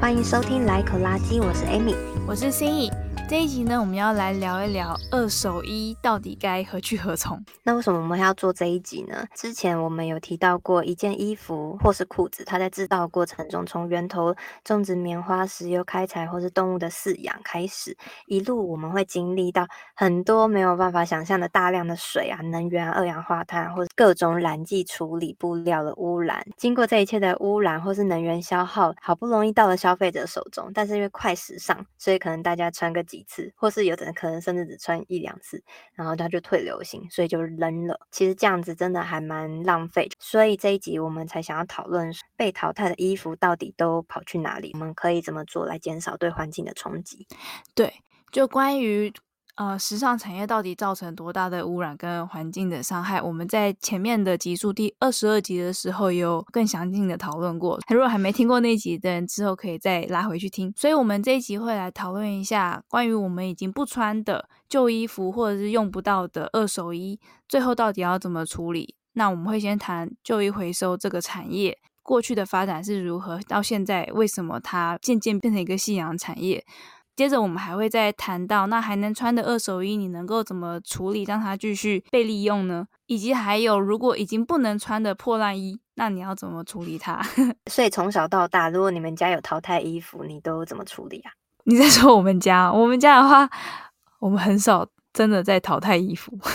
歡迎收聽《來口垃圾》，我是 Amy，我是心意。這一集呢，我們要來聊一聊二手衣到底該何去何從。那為什麼我們還要做這一集呢？之前我們有提到過，一件衣服或是褲子，它在製造過程中，從源頭種植棉花、石油開採或是動物的飼養開始，一路我們會經歷到很多沒有辦法想象的大量的水啊、能源啊、二氧化碳啊、或者各種染劑處理布料的污染。經過這一切的污染或是能源消耗，好不容易到了消費者手中，但是因為快時尚，所以可能大家穿個幾一次，或是有的可能甚至只穿一兩次，然後他就退流行，所以就扔了。其實這樣子真的還蠻浪費，所以這一集我們才想要討論被淘汰的衣服到底都跑去哪裡，我們可以怎麼做來減少對環境的衝擊？對，就關於。呃，時尚產業到底造成多大的污染，跟環境的傷害？我們在前面的集數第二十二集的時候有更詳盡的討論過。如果還沒聽過那集的人，之後可以再拉回去聽。所以，我們這一集會來討論一下關於我們已經不穿的舊衣服或者是用不到的二手衣，最後到底要怎麼處理？那我們會先談舊衣回收這個產業過去的發展是如何，到現在為什麼它漸漸變成一個夕陽產業。接着我們還會再談到，那還能穿的二手衣，你能夠怎麼處理，讓它繼續被利用呢？以及還有，如果已經不能穿的破爛衣，那你要怎麼處理它？ 所以從小到大，如果你們家有淘汰衣服，你都怎麼處理啊？你在說我們家？我們家的話，我們很少真的在淘汰衣服。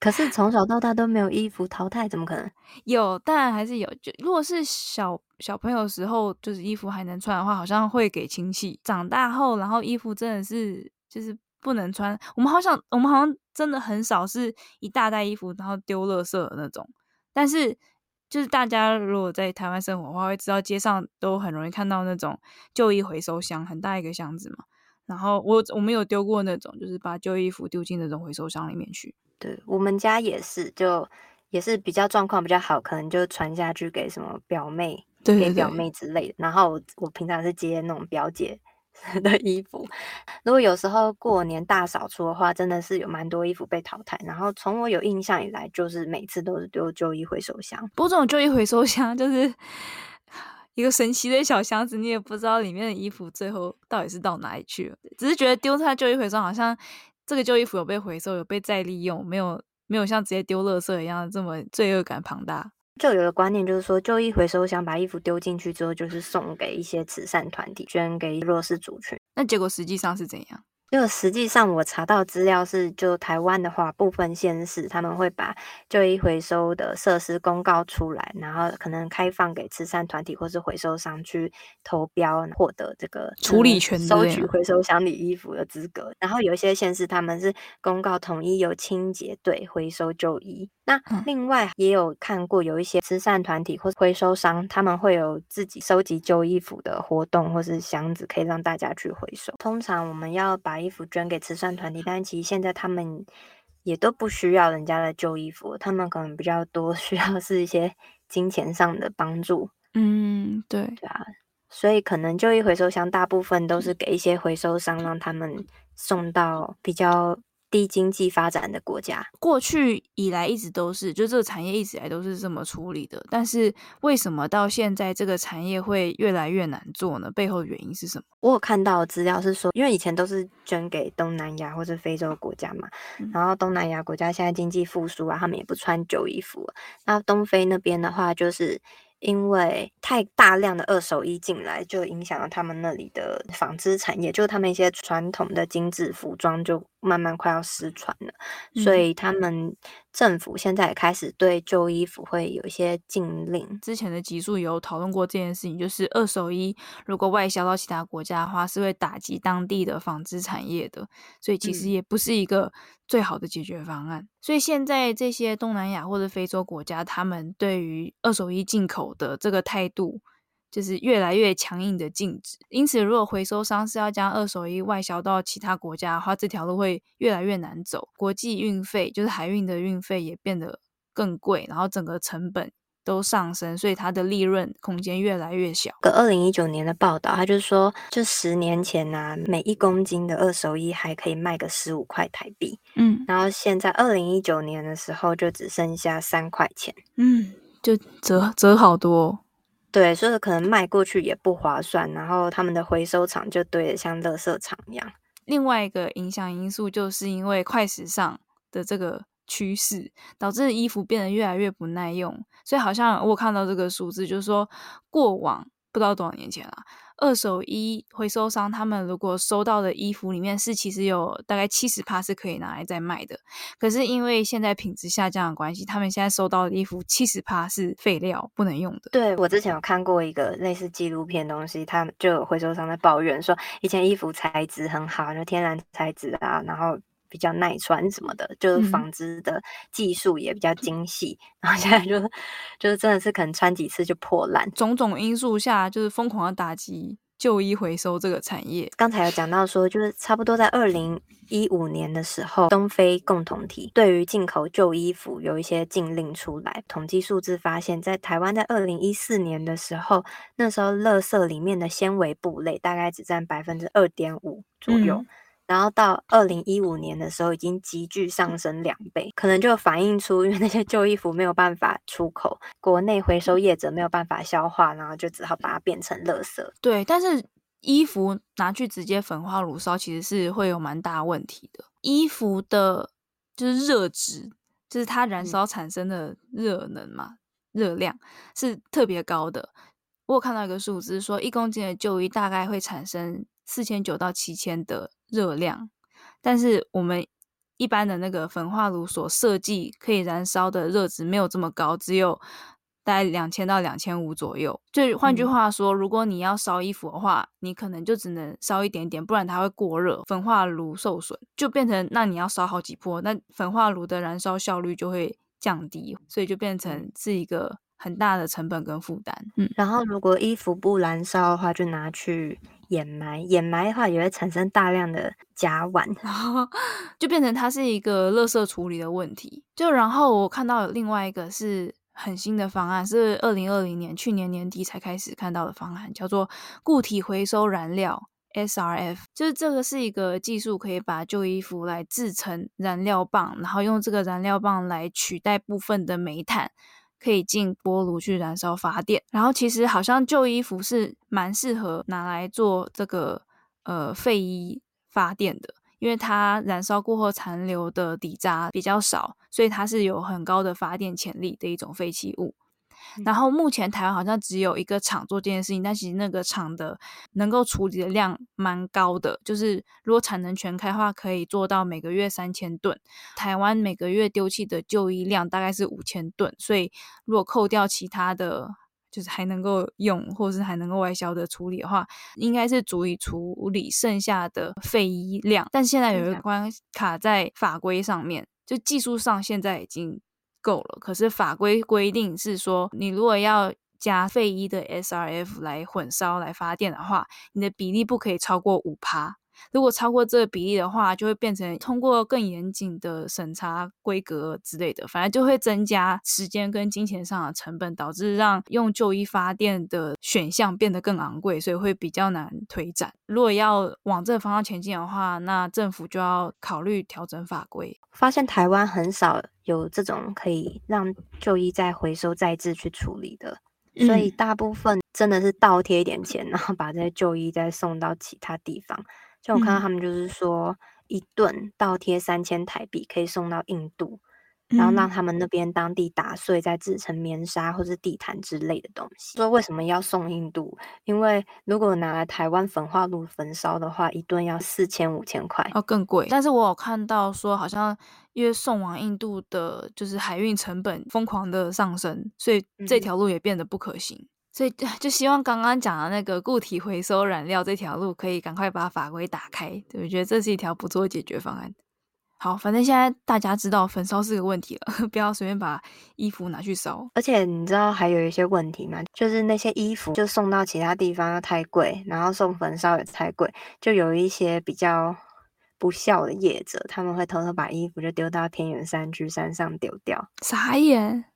可是從小到大都沒有衣服淘汰，怎麼可能？有，當然還是有。就如果是小小朋友時候，就是衣服還能穿的話，好像會給親戚。長大後，然後衣服真的是就是不能穿。我們好像我們好像真的很少是一大袋衣服然後丟垃圾的那種。但是就是大家如果在台灣生活的話，會知道街上都很容易看到那種舊衣回收箱，很大一個箱子嘛。然後我我們有丟過那種，就是把舊衣服丟進那種回收箱裡面去。對，我們家也是，就也是比較狀況比較好，可能就傳下去給什麼表妹，對對對，給表妹之類的。然後我，我平常是接那種表姐的衣服。 如果有時候過年大掃除的話，真的是有蠻多衣服被淘汰。然後從我有印象以來，就是每次都是丟舊衣回收箱。不過這種舊衣回收箱就是一個神奇的小箱子，你也不知道裡面的衣服最後到底是到哪裡去了。只是覺得丟在舊衣回收好像，這個舊衣服有被回收，有被再利用，沒有沒有像直接丟垃圾一樣這麼罪惡感龐大。舊有的觀念就是說，舊衣回收箱把衣服丟進去之後，就是送給一些慈善團體，捐給弱勢族群。那結果實際上是怎樣？因為實際上我查到資料是，就台灣的話，部分縣市他們會把舊衣回收的設施公告出來，然後可能開放給慈善團體或是回收商去投標獲得這個、嗯、處理權。對對，收取回收箱裡衣服的資格。然後有一些縣市他們是公告統一由清潔隊回收舊衣。那、啊、另外也有看過有一些慈善團體或回收商，他們會有自己收集舊衣服的活動，或是箱子可以讓大家去回收。通常我們要把衣服捐給慈善團體，但其實現在他們也都不需要人家的舊衣服，他們可能比較多需要是一些金錢上的幫助。嗯，對，對啊，所以可能舊衣回收箱大部分都是給一些回收商，讓他們送到比較。低經濟發展的國家，過去以來一直都是，就這個產業一直以來都是這麼處理的。但是為什麼到現在這個產業會越來越難做呢？背後的原因是什麼？我有看到資料是說，因為以前都是捐給東南亞或者非洲國家嘛，嗯，然後東南亞國家現在經濟復甦啊，他們也不穿舊衣服啊。那東非那邊的話，就是因為太大量的二手衣進來，就影響了他們那裡的紡織產業，就是他們一些傳統的精緻服裝就。慢慢快要失傳了，所以他們政府現在也開始對舊衣服會有一些禁令。嗯、之前的集數有討論過這件事情，就是二手衣如果外銷到其他國家的話，是會打擊當地的紡織產業的，所以其實也不是一個最好的解決方案。嗯、所以現在這些東南亞或者非洲國家，他們對於二手衣進口的這個態度，就是越來越強硬的禁止，因此，如果回收商是要將二手衣外銷到其他國家的話，這條路會越來越難走。國際運費，就是海運的運費也變得更貴，然後整個成本都上升，所以它的利潤空間越來越小。擱二零一九年的報道，他就說，就十年前吶、啊，每一公斤的二手衣還可以賣個十五塊台幣，嗯，然後現在二零一九年的時候，就只剩下三塊錢，嗯，就折折好多。對，所以可能賣過去也不划算，然後他們的回收廠就堆得像垃圾場一樣。另外一個影響因素，就是因為快時尚的這個趨勢，導致衣服變得越來越不耐用，所以好像我看到這個數字，就是說過往不知道多少年前了啊。二手衣回收商，他們如果收到的衣服裡面是，其實有大概七十趴是可以拿來再賣的。可是因為現在品質下降的關係，他們現在收到的衣服七十趴是廢料，不能用的。對，我之前有看過一個類似紀錄片東西，他就有回收商在抱怨說，以前衣服材質很好，然後天然材質啊，然後。比較耐穿什麼的，就是紡織的技術也比較精細。嗯。然後現在就，就是真的是可能穿幾次就破爛。種種因素下，就是瘋狂的打擊舊衣回收這個產業。剛才有講到說，就是差不多在二零一五年的時候，東非共同體對於進口舊衣服有一些禁令出來。統計數字發現，在台灣在二零一四年的時候，那時候垃圾裡面的纖維布類大概只占百分之二點五左右。嗯然後到二零一五年的時候，已經急劇上升兩倍，可能就反映出因為那些舊衣服沒有辦法出口，國內回收業者沒有辦法消化，然後就只好把它變成垃圾。對，但是衣服拿去直接焚化爐燒，其實是會有蠻大問題的。衣服的，就是熱值，就是它燃燒產生的熱能嘛，嗯、熱量是特別高的。我有看到一個數字說，一公斤的舊衣大概會產生四千九到七千的。熱量，但是我們一般的那個焚化爐所設計可以燃燒的熱值沒有這麼高，只有在兩千到兩千五左右。就換句話說，嗯，如果你要燒衣服的話，你可能就只能燒一點點，不然它會過熱，焚化爐受損，就變成那你要燒好幾波，那焚化爐的燃燒效率就會降低，所以就變成是一個很大的成本跟負擔。嗯，然後如果衣服不燃燒的話，就拿去。掩埋，掩埋的話也會產生大量的甲烷， 就變成它是一個垃圾處理的問題。就然後我看到有另外一個是很新的方案，是二零二零年去年年底才開始看到的方案，叫做固體回收燃料 （SRF）。就是這個是一個技術，可以把舊衣服來製成燃料棒，然後用這個燃料棒來取代部分的煤炭。可以進鍋爐去燃燒發電，然後其實好像舊衣服是蠻適合拿來做這個呃廢衣發電的，因為它燃燒過後殘留的底渣比較少，所以它是有很高的發電潛力的一種廢棄物。然後目前台灣好像只有一個廠做這件事情，但其實那個廠的能夠處理的量蠻高的，就是如果產能全開的話，可以做到每個月三千噸。台灣每個月丟棄的舊衣量大概是五千噸，所以如果扣掉其他的，就是還能夠用或是還能夠外銷的處理的話，應該是足以處理剩下的廢衣量。但現在有一關卡在法規上面，就技術上現在已經。夠了，可是法規規定是說，你如果要加廢衣的 SRF 來混燒來發電的話，你的比例不可以超過五趴。如果超過這個比例的話，就會變成通過更嚴謹的審查、規格之類的，反而就會增加時間跟金錢上的成本，導致讓用舊衣發電的選項變得更昂貴，所以會比較難推展。如果要往這個方向前進的話，那政府就要考慮調整法規。發現台灣很少有這種可以讓舊衣再回收、再次去處理的，嗯，所以大部分真的是倒貼一點錢，然後把這些舊衣再送到其他地方。像我看到他們就是說，一頓倒貼三千台幣可以送到印度、嗯，然後讓他們那邊當地打碎再制成棉紗或者地毯之類的東西、嗯。說為什麼要送印度？因為如果拿來台灣焚化爐焚燒的話，一頓要四千五千塊，哦，更貴。但是我有看到說，好像因為送往印度的就是海運成本瘋狂的上升，所以這條路也變得不可行。嗯所以就希望剛剛講的那個固體回收燃料這條路，可以趕快把法規打開。我覺得這是一條不錯的解決方案。好，反正現在大家知道焚燒是個問題了，不要隨便把衣服拿去燒。而且你知道還有一些問題嗎？就是那些衣服就送到其他地方又太貴，然後送焚燒也太貴，就有一些比較不肖的業者，他們會偷偷把衣服就丟到偏遠山區山上丟掉。傻眼。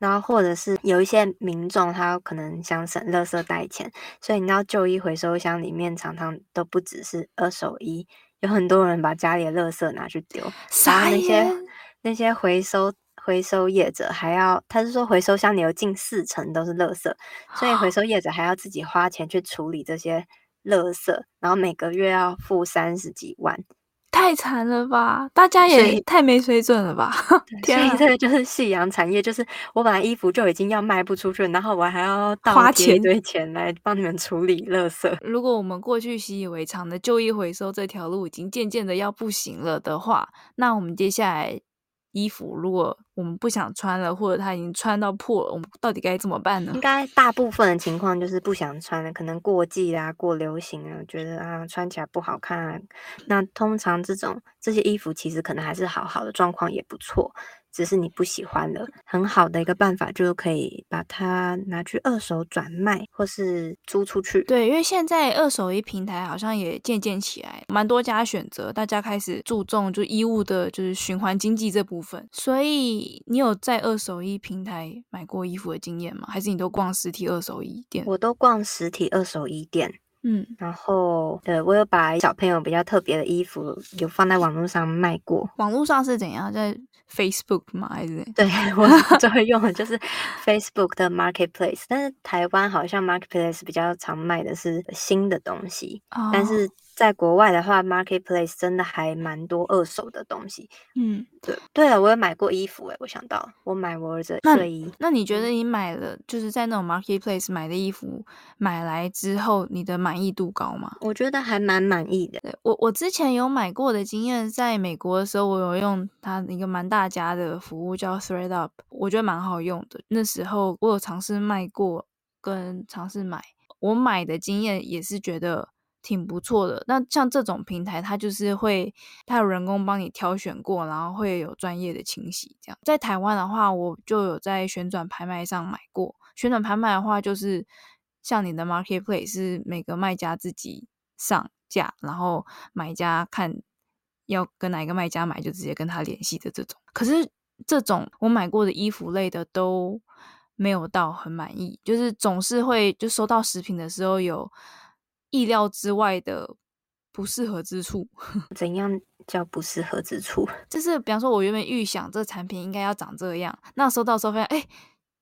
然後，或者是有一些民眾，他可能想省垃圾袋錢，所以你知道舊衣回收箱裡面常常都不只是二手衣，有很多人把家裡的垃圾拿去丟，傻眼，然後那些那些回收回收業者還要，他是說回收箱裡有近四成都是垃圾，所以回收業者還要自己花錢去處理這些垃圾，然後每個月要付三十幾萬。太慘了吧！大家也太沒水準了吧！ 天啊，所以這個就是夕陽產業，就是我本來衣服就已經要賣不出去，然後我還要花錢倒貼一堆錢來幫你們處理垃圾。如果我們過去習以為常的舊衣回收這條路已經漸漸的要不行了的話，那我們接下來。衣服如果我們不想穿了，或者它已經穿到破了，我們到底該怎麼辦呢？應該大部分的情況就是不想穿了，可能過季啦，啊，過流行啊，覺得啊穿起來不好看啊。那通常這種這些衣服其實可能還是好好的，狀況也不錯。只是你不喜歡了，很好的一個辦法，就可以把它拿去二手轉賣，或是租出去。對，因為現在二手衣平台好像也漸漸起來，蠻多家選擇，大家開始注重就衣物的，就是循環經濟這部分。所以你有在二手衣平台買過衣服的經驗嗎？還是你都逛實體二手衣店？我都逛實體二手衣店。嗯，然後，對，我有把小朋友比較特別的衣服有放在網絡上賣過。網絡上是怎樣？在 Facebook 買的。對，我最會用的就是 Facebook 的 Marketplace， 但是台灣好像 Marketplace 比較常賣的是新的東西，oh. 但是。在國外的話，marketplace 真的還蠻多二手的東西。嗯，對。對了，我有買過衣服、欸、我想到我買我兒子睡衣。那、那你覺得你買了、嗯、就是在那種 marketplace 買的衣服，買來之後你的滿意度高嗎？我覺得還蠻滿意的。我我之前有買過的經驗，在美國的時候我有用它一個蠻大家的服務叫 ThreadUp，我覺得蠻好用的。那時候我有嘗試賣過，跟嘗試買。我買的經驗也是覺得。挺不錯的。那像這種平台，它就是會，它有人工幫你挑選過，然後會有專業的清洗。這樣在台灣的話，我就有在旋轉拍賣上買過。旋轉拍賣的話，就是像你的 marketplace 是每個賣家自己上架，然後買家看要跟哪一個賣家買，就直接跟他聯繫的這種。可是這種我買過的衣服類的都沒有到很滿意，就是總是會就收到實品的時候有。意料之外的不適合之處，怎樣叫不適合之處？就是比方說，我原本預想這個產品應該要長這樣，那收到的時候發現，哎、欸，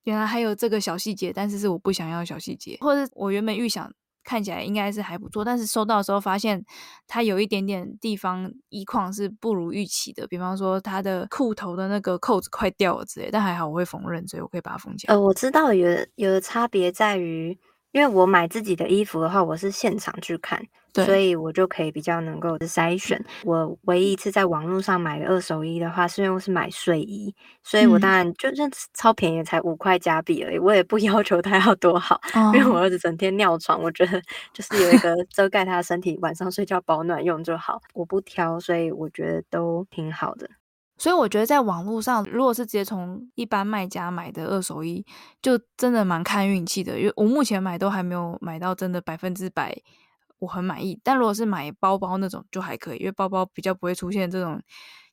原來還有這個小細節，但是是我不想要小細節。或者我原本預想看起來應該是還不錯，但是收到的時候發現它有一點點地方衣況，是不如預期的，比方說它的褲頭的那個扣子快掉了之類，但還好我會縫紉，所以我可以把它縫起來。呃，我知道有有的差別在於。因為我買自己的衣服的話，我是現場去看，對，所以我就可以比較能夠篩選。我唯一一次在網絡上買的二手衣的話，是因為我是買睡衣，所以我當然就算超便宜，才五塊加幣而已。我也不要求它要多好，嗯，因為我兒子整天尿床，我覺得就是有一個遮蓋他的身體， 晚上睡覺保暖用就好，我不挑，所以我覺得都挺好的。所以我覺得，在網絡上，如果是直接從一般賣家買的二手衣，就真的蠻看運氣的。因為我目前買都還沒有買到真的百分之百我很滿意。但如果是買包包那種，就還可以，因為包包比較不會出現這種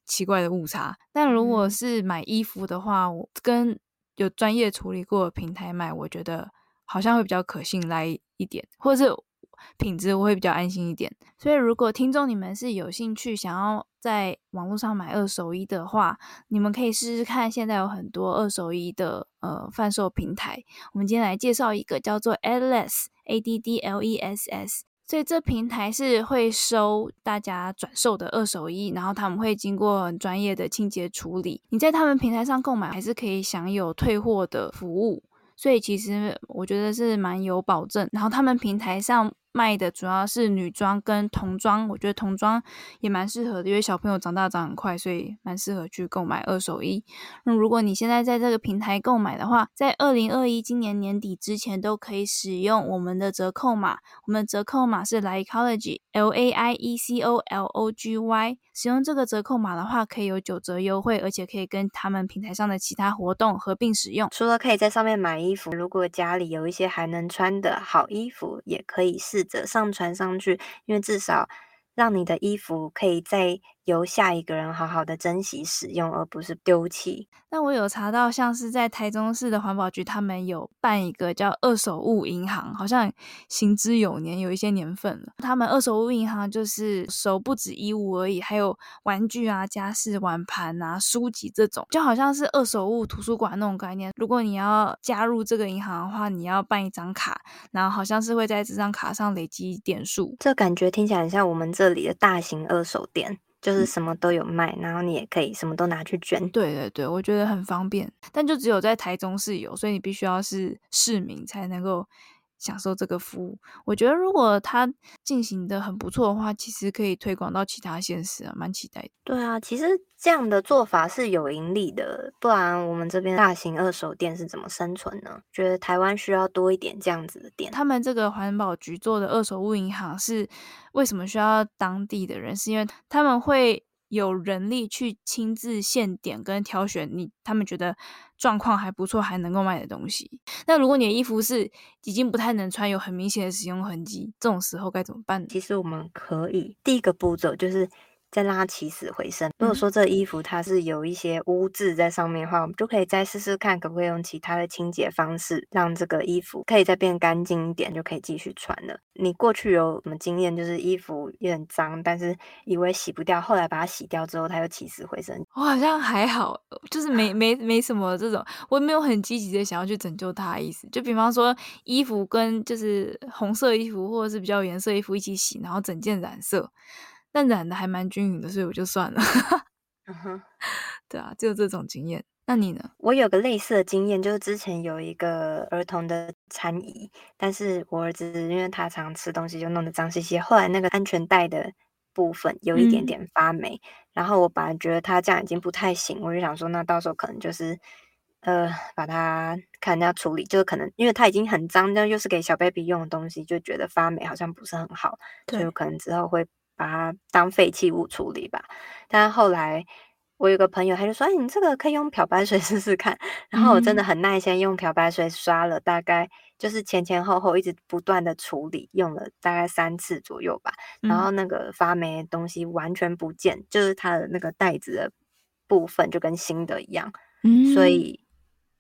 奇怪的誤差。但如果是買衣服的話，我跟有專業處理過平台買，我覺得好像會比較可信賴一點，或者是品質我會比較安心一點。所以，如果聽眾你們是有興趣想要，在網絡上買二手衣的話，你們可以試試看。現在有很多二手衣的呃販售平台，我們今天來介紹一個叫做 addLEss，A D D L E S S）。所以這平台是會收大家轉售的二手衣，然後他們會經過很專業的清潔處理。你在他們平台上購買，還是可以享有退貨的服務。所以其實我覺得是蠻有保證。然後他們平台上。賣的主要是女裝跟童裝，我覺得童裝也蠻適合的，因為小朋友長大長很快，所以蠻適合去購買二手衣。嗯，如果你現在在這個平台購買的話，在二零二一今年年底之前都可以使用我們的折扣碼，我們的折扣碼是 laiecology L A I E C O L O G Y，使用這個折扣碼的話可以有九折優惠，而且可以跟他們平台上的其他活動合併使用。除了可以在上面買衣服，如果家裡有一些還能穿的好衣服，也可以試。上傳上去，因為至少讓你的衣服可以再由下一個人好好的珍惜使用，而不是丟棄。那我有查到，像是在台中市的環保局，他們有辦一個叫二手物銀行，好像行之有年，有一些年份了。他們二手物銀行就是收不止衣物而已，還有玩具啊、家飾、碗盤啊、書籍這種，就好像是二手物圖書館那種概念。如果你要加入這個銀行的話，你要辦一張卡，然後好像是會在這張卡上累積點數。這感覺聽起來很像我們這裡的大型二手店。就是什麼都有賣、嗯，然後你也可以什麼都拿去捐。對對對，我覺得很方便，但就只有在台中市有，所以你必須要是市民才能夠，享受這個服務，我覺得如果它進行得很不錯的話，其實可以推廣到其他縣市啊，蠻期待的。對啊，其實這樣的做法是有盈利的，不然我們這邊大型二手店是怎麼生存呢？覺得台灣需要多一點這樣子的店。他們這個環保局做的二手物銀行是為什麼需要當地的人？是因為他們會。有人力去親自現點跟挑選你，你他們覺得狀況還不錯，還能夠賣的東西。那如果你的衣服是已經不太能穿，有很明顯的使用痕跡，這種時候該怎麼辦呢？其實我們可以第一個步驟就是。再讓它起死回生。如果說這衣服它是有一些污漬在上面的話，我們就可以再試試看，可不可以用其他的清潔方式，讓這個衣服可以再變乾淨一點，就可以繼續穿了。你過去有什麼經驗？就是衣服有點髒，但是以為洗不掉，後來把它洗掉之後，它又起死回生。我好像還好，就是沒沒沒什麼這種，我也沒有很積極的想要去拯救它的意思。就比方說，衣服跟就是紅色衣服或者是比較顏色衣服一起洗，然後整件染色。但染的還蠻均勻的，所以我就算了。哈哈嗯哼，對啊，就這種經驗。那你呢？我有個類似的經驗，就是之前有一個兒童的餐椅，但是我兒子因為他常吃東西，就弄得髒兮兮。後來那個安全帶的部分有一點點發霉，嗯、然後我本來覺得他這樣已經不太行，我就想說，那到時候可能就是呃，把它看人家處理，就是可能因為它已經很髒，但、就、又是給小 baby 用的東西，就覺得發霉好像不是很好，對，所以可能之後會。把它當廢棄物處理吧。但後來我有個朋友，他就說：“哎，你這個可以用漂白水試試看。”然後我真的很耐心，用漂白水刷了大概就是前前後後一直不斷的處理，用了大概三次左右吧。然後那個發霉的東西完全不見，就是它的那個袋子的部分就跟新的一樣。嗯，所以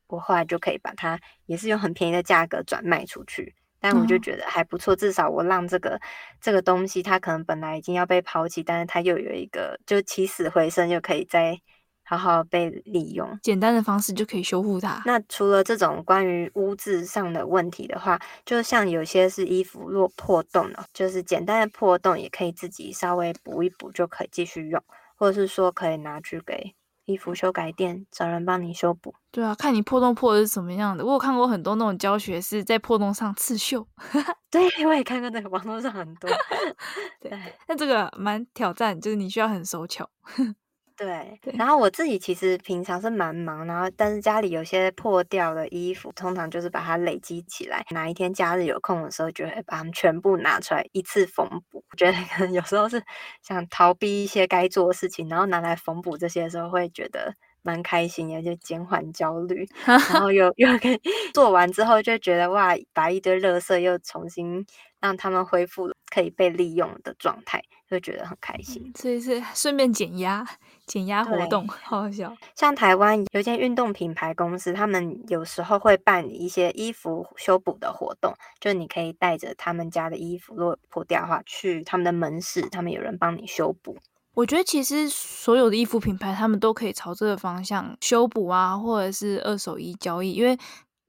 我後來就可以把它也是用很便宜的價格轉賣出去。但我就覺得還不錯，嗯、至少我讓這個這個東西，它可能本來已經要被拋棄，但是它又有一個就起死回生，就可以再好好被利用，簡單的方式就可以修復它。那除了這種關於污漬上的問題的話，就像有些是衣服落破洞了、哦，就是簡單的破洞也可以自己稍微補一補就可以繼續用，或者是說可以拿去給。衣服修改店找人幫你修補。對啊，看你破洞破的是什麼樣的。我有看過很多那種教學是在破洞上刺繡， 對，我也看過那個網絡上很多 對。對，那這個蠻、啊、挑戰，就是你需要很手巧。 對，然後我自己其實平常是蠻忙，然後但是家裡有些破掉的衣服，通常就是把它累積起來，哪一天假日有空的時候，就會把它們全部拿出來一次縫補。我覺得可能有時候是想逃避一些該做的事情，然後拿來縫補這些的時候，會覺得蠻開心，而且減緩焦慮。然後又又可以做完之後，就覺得哇，把一堆垃圾又重新讓他們恢復可以被利用的狀態，就覺得很開心。所以是，嗯，是是，順便減壓。減壓活動，好好笑。像台灣有一間運動品牌公司，他們有時候會辦一些衣服修補的活動，就是你可以帶着他們家的衣服，如果破掉的話，去他們的門市，他們有人幫你修補。我覺得其實所有的衣服品牌，他們都可以朝這個方向修補啊，或者是二手衣交易。因為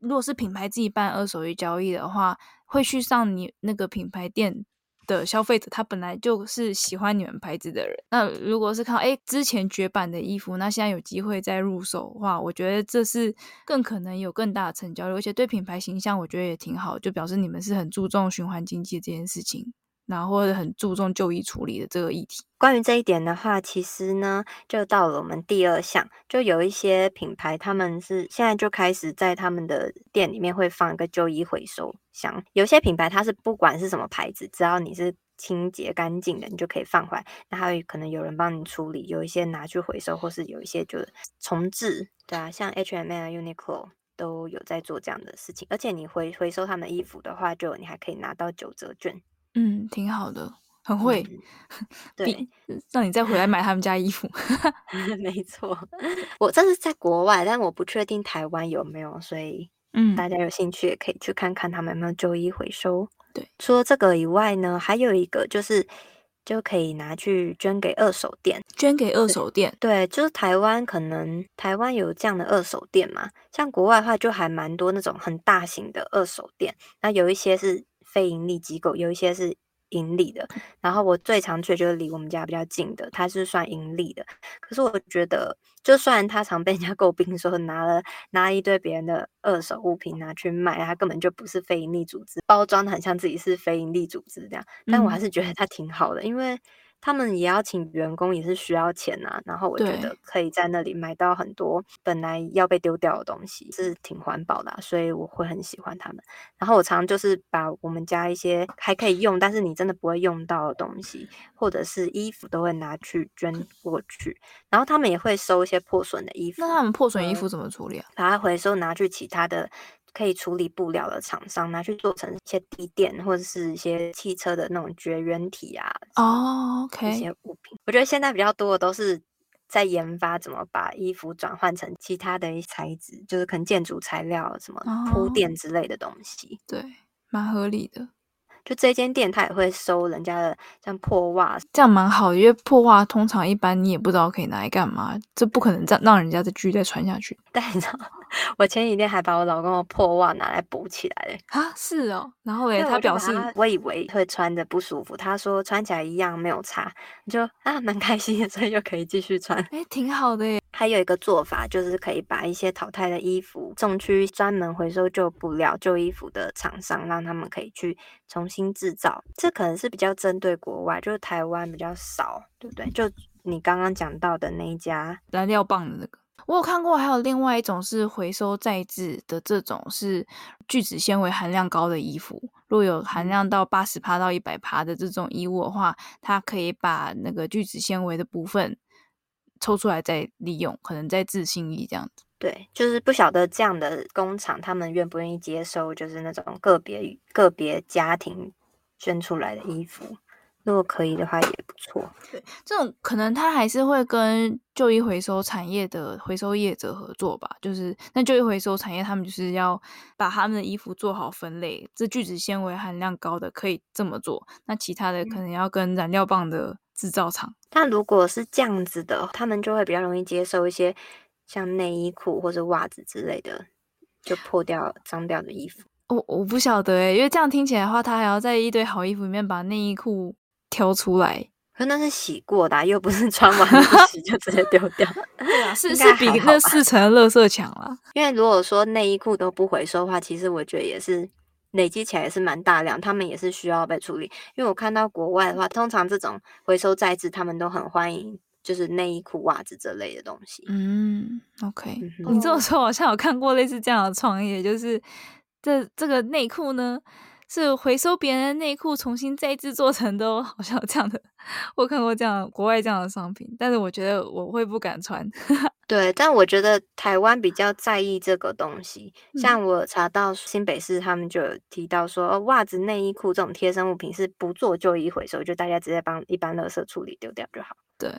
如果是品牌自己辦二手衣交易的話，會去上你那個品牌店的消費者，他本來就是喜歡你們牌子的人。那如果是看誒、欸、之前絕版的衣服，那現在有機會再入手的話，我覺得這是更可能有更大的成交率，而且對品牌形象，我覺得也挺好，就表示你們是很注重循環經濟這件事情。然後或者很注重舊衣處理的這個議題。關於這一點的話，其實呢，就到了我們第二項，就有一些品牌，他們是現在就開始在他們的店裡面會放一個舊衣回收箱。有些品牌它是不管是什麼牌子，只要你是清潔乾淨的，你就可以放回來。那還有可能有人幫你處理，有一些拿去回收，或是有一些就重置，對啊，像 H&M、Uniqlo 都有在做這樣的事情。而且你回回收他們衣服的話，就你還可以拿到九折券。嗯，挺好的，很會。嗯、對，那 你再回來買他們家衣服。 沒錯，我這是在國外，但我不確定台灣有沒有，所以嗯，大家有興趣也可以去看看他們有沒有舊衣回收、嗯。對，除了這個以外呢，還有一個就是就可以拿去捐給二手店，捐給二手店。對，對就是台灣可能台灣有這樣的二手店嘛，像國外的話就還蠻多那種很大型的二手店，那有一些是。非盈利機構，有一些是盈利的，然後我最常去就是離我們家比較近的，它是算盈利的。可是我覺得，就算他常被人家詬病說拿了拿一堆別人的二手物品拿、啊、去賣、啊，他根本就不是非盈利組織，包裝得很像自己是非盈利組織這樣，但我還是覺得他挺好的，嗯、因為。他們也要請員工，也是需要錢啊。然後我覺得可以在那裡買到很多本來要被丟掉的東西，是挺環保的啊，所以我會很喜歡他們。然後我常就是把我們家一些還可以用，但是你真的不會用到的東西，或者是衣服，都會拿去捐過去。然後他們也會收一些破損的衣服。那他們破損衣服怎麼處理啊？嗯，把它回收拿去其他的。可以處理布料的廠商拿去做成一些地墊或者是一些汽車的那種絕緣體啊。哦、oh,，OK。一些物品。我覺得現在比較多的都是在研發怎麼把衣服轉換成其他的一材質，就是可能建築材料、什麼鋪墊之類的東西。Oh, 對，蠻合理的。就這間店，他也會收人家的像破襪，這樣蠻好的，因為破襪通常一般你也不知道可以拿來幹嘛，這不可能讓讓人家繼續再穿下去。帶走。 我前幾天還把我老公的破襪拿來補起來的。啊，是哦？然後誒，他表示我，他我以為會穿着不舒服，他說穿起來一樣沒有差，你就啊，蠻開心的，所以又可以繼續穿，誒，挺好的誒。還有一個做法就是可以把一些淘汰的衣服送去專門回收舊布料、舊衣服的廠商，讓他們可以去重新製造。這可能是比較針對國外，就是台灣比較少，對不對？就你剛剛講到的那一家來，燃料棒的那、這個。我有看過，還有另外一種是回收再制的，這種是聚酯纖維含量高的衣服。如果有含量到八十趴到一百趴的這種衣物的話，它可以把那個聚酯纖維的部分抽出來再利用，可能再制新衣這樣子。對，就是不曉得這樣的工廠他們願不願意接收，就是那種個別個別家庭捐出來的衣服。如果可以的話，也不錯。對，這種可能他還是會跟舊衣回收產業的回收業者合作吧。就是那舊衣回收產業，他們就是要把他們的衣服做好分類，這聚酯纖維含量高的可以這麼做，那其他的可能要跟燃料棒的制造廠。那、嗯、如果是這樣子的，他們就會比較容易接受一些像內衣褲或者襪子之類的，就破掉、髒掉的衣服。我、哦、我不曉得誒、欸、因為這樣聽起來的話，他還要在一堆好衣服裡面把內衣褲。挑出來，可是那是洗過的，啊，又不是穿完洗就直接丟掉 對，啊，是是比那四成的垃圾強了。因為如果說內衣褲都不回收的話，其實我覺得也是累積起來也是蠻大量，他們也是需要被處理。因為我看到國外的話，通常這種回收再制，他們都很歡迎，就是內衣褲、襪子這類的東西。嗯，OK，嗯，你這麼說，好像有看過類似這樣的創業，就是這這個內褲呢。是回收別人的內褲，重新再製作成的好像這樣的，我看過這樣國外這樣的商品，但是我覺得我會不敢穿。 對，但我覺得台灣比較在意這個東西，像我查到新北市他們就有提到說，嗯哦、襪子、內衣褲這種貼身物品是不做舊衣回收，就大家直接幫一般垃圾處理丟掉就好。對，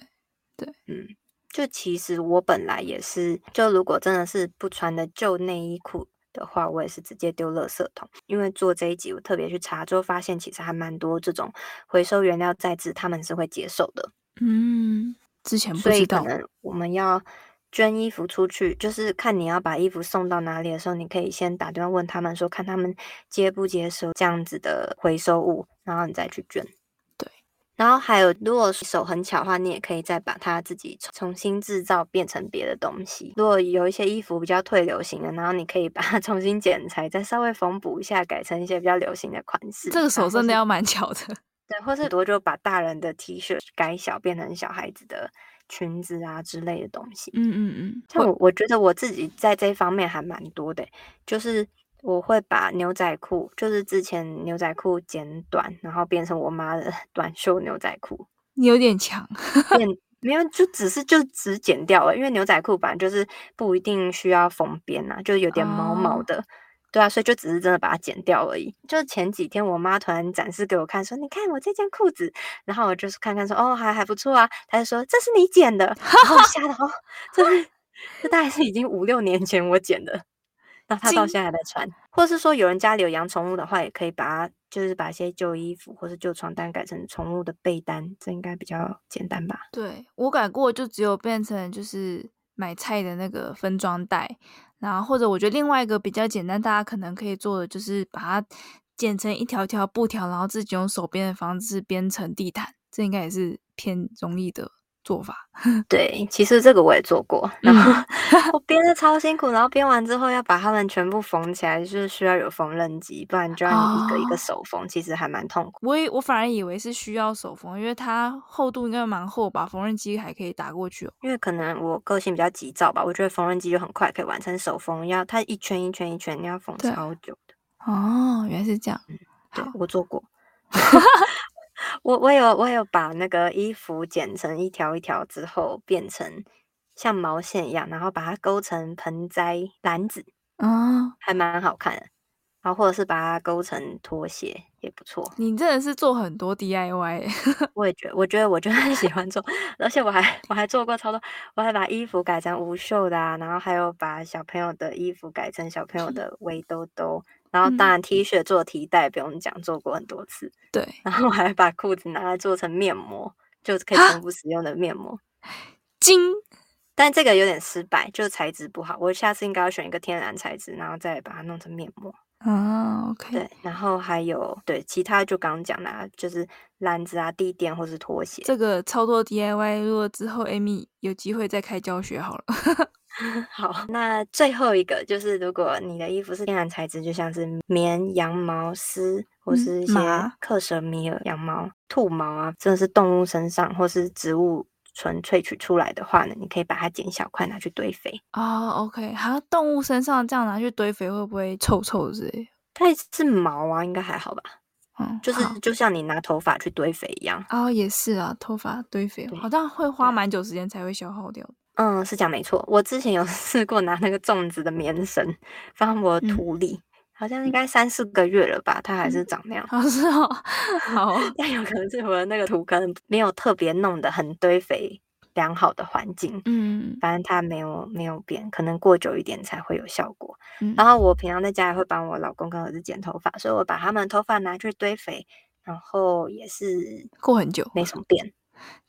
對，嗯，就其實我本來也是，就如果真的是不穿的舊內衣褲。的話，我也是直接丟垃圾桶。因為做這一集，我特別去查之後，發現其實還蠻多這種回收原料再製，他們是會接受的。嗯，之前不知道。所以可能我們要捐衣服出去，就是看你要把衣服送到哪裡的時候，你可以先打電話問他們說，看他們接不接受這樣子的回收物，然後你再去捐。然後還有，如果手很巧的話，你也可以再把它自己重新制造變成別的東西。如果有一些衣服比較退流行的，然後你可以把它重新剪裁，再稍微縫補一下，改成一些比較流行的款式。這個手真的要蠻巧的。對，或是多久把大人的 T 恤改小，變成小孩子的裙子啊之類的東西。嗯嗯嗯，像我我覺得我自己在這一方面還蠻多的、欸，就是。我會把牛仔褲，就是之前牛仔褲剪短，然後變成我媽的短袖牛仔褲。你有點強， 變沒有就只是就只是剪掉了，因為牛仔褲本來就是不一定需要縫邊吶，就有點毛毛的。Oh. 對啊，所以就只是真的把它剪掉而已。就前幾天我媽突然展示給我看，說：“你看我這件褲子。”然後我就是看看說：“哦，還還不錯啊。”她就說：“這是你剪的。”然後我嚇到，我嚇得哦，這是這大概是已經五六年前我剪的。那他到現在還在穿，或者是說有人家裡有養寵物的話，也可以把它，就是把一些舊衣服或者舊床單改成寵物的被單，這應該比較簡單吧？對，我改過就只有變成就是買菜的那個分裝袋，然後或者我覺得另外一個比較簡單，大家可能可以做的就是把它剪成一條條布條，然後自己用手編的方式編成地毯，這應該也是偏容易的，做法。對，其實這個我也做過。然後 我編的超辛苦，然後編完之後要把它們全部縫起來，就是需要有縫紉機，不然就要一個一個手縫，哦、其實還蠻痛苦。我也、我反而以為是需要手縫，因為它厚度應該蠻厚吧，縫紉機還可以打過去、哦。因為可能我個性比較急躁吧，我覺得縫紉機就很快可以完成，手縫要它一圈一圈一圈，你要縫超久的。哦，原來是這樣。對，我做過。 我我有我有把那個衣服剪成一條一條之後，變成像毛線一樣，然後把它鈎成盆栽籃子哦，還蠻好看的。然後或者是把它鈎成拖鞋也不錯。你真的是做很多 DIY， 我也覺得我覺得我就很喜歡做， 而且我還我還做過超多，我還把衣服改成無袖的啊，然後還有把小朋友的衣服改成小朋友的圍兜兜。嗯然後當然 T 恤做提袋不用講、嗯，做過很多次。對。然後還把褲子拿來做成面膜，就可以重複使用的面膜巾。但這個有點失敗，就材質不好。我下次應該要選一個天然材質，然後再把它弄成面膜。啊、哦、OK。對。然後還有，對其他就剛剛講的，就是籃子啊、地墊或是拖鞋。這個超多 DIY，如果之後 Amy 有機會再開教學好了。 好，那最後一個就是，如果你的衣服是天然材質，就像是棉、羊毛、絲，或是一些克什米爾羊毛、兔毛啊，甚至是動物身上或是植物純萃取出來的話呢，你可以把它剪小塊拿去堆肥啊。Oh, OK，像動物身上這樣拿去堆肥會不會臭臭之類？它是毛啊，應該還好吧。嗯，就是就像你拿頭髮去堆肥一樣啊，oh, 也是啊，頭髮堆肥好像會花蠻久時間才會消耗掉。嗯，是講沒錯。我之前有試過拿那個粽子的棉繩放我土裡。嗯，好像應該三四個月了吧。嗯，它還是長那樣。好是哦，好哦，但有可能是我的那個土可能沒有特別弄得很堆肥良好的環境。嗯，反正它沒有沒有變，可能過久一點才會有效果。嗯，然後我平常在家也會幫我老公跟兒子剪頭髮，所以我把他們的頭髮拿去堆肥，然後也是過很久沒什麼變。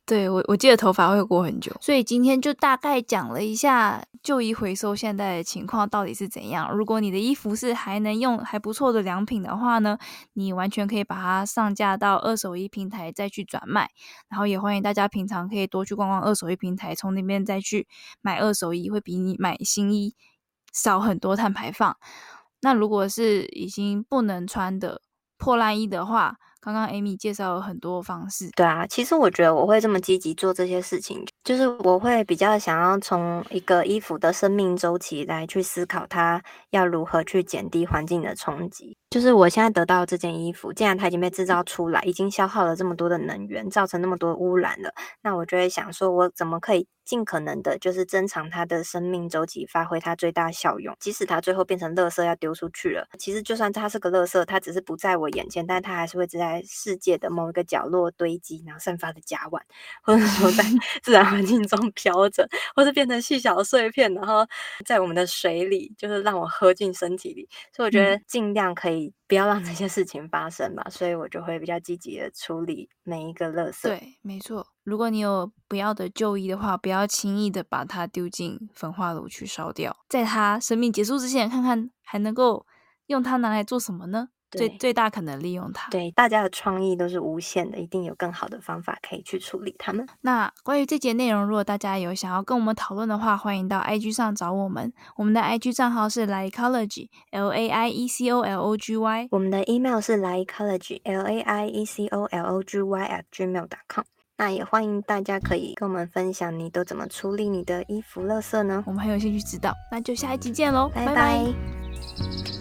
對，我，我記得頭髮會過很久，所以今天就大概講了一下舊衣回收現在的情況到底是怎樣。如果你的衣服是還能用還不錯的良品的話呢，你完全可以把它上架到二手衣平台再去轉賣。然後也歡迎大家平常可以多去逛逛二手衣平台，從那邊再去買二手衣，會比你買新衣少很多碳排放。那如果是已經不能穿的破爛衣的話。剛剛 Amy 介紹了很多方式，對啊，其實我覺得我會這麼積極做這些事情，就是我會比較想要從一個衣服的生命週期來去思考，它要如何去減低環境的衝擊。就是我現在得到這件衣服，既然它已經被制造出來，已經消耗了這麼多的能源，造成那麼多污染了，那我就會想說，我怎麼可以盡可能的，就是增長它的生命周期，發揮它最大效用，即使它最後變成垃圾要丟出去了。其實，就算它是個垃圾，它只是不在我眼前，但它還是會在世界的某一個角落堆積，然後散發的甲烷，或者說在自然環境中飄着，或是變成細小碎片，然後在我們的水裡，就是讓我喝進身體裡。嗯、所以，我覺得盡量可以。不要讓這些事情發生嘛，所以我就會比較積極的處理每一個垃圾。對，沒錯。如果你有不要的舊衣的話，不要輕易的把它丟進焚化爐去燒掉，在它生命結束之前，看看還能夠用它拿來做什麼呢？最最大可能利用它。對，大家的創意都是無限的，一定有更好的方法可以去處理它們。那關於這節內容，如果大家有想要跟我們討論的話，歡迎到 IG 上找我們。我們的 IG 賬號是 laiecology L A I E C O L O G Y，我們的 email 是 laiecology L A I E C O L O G Y at gmail.com。那也歡迎大家可以跟我們分享你都怎麼處理你的衣服垃圾呢？我們很有興趣知道。那就下一集見嘍，拜拜。Bye bye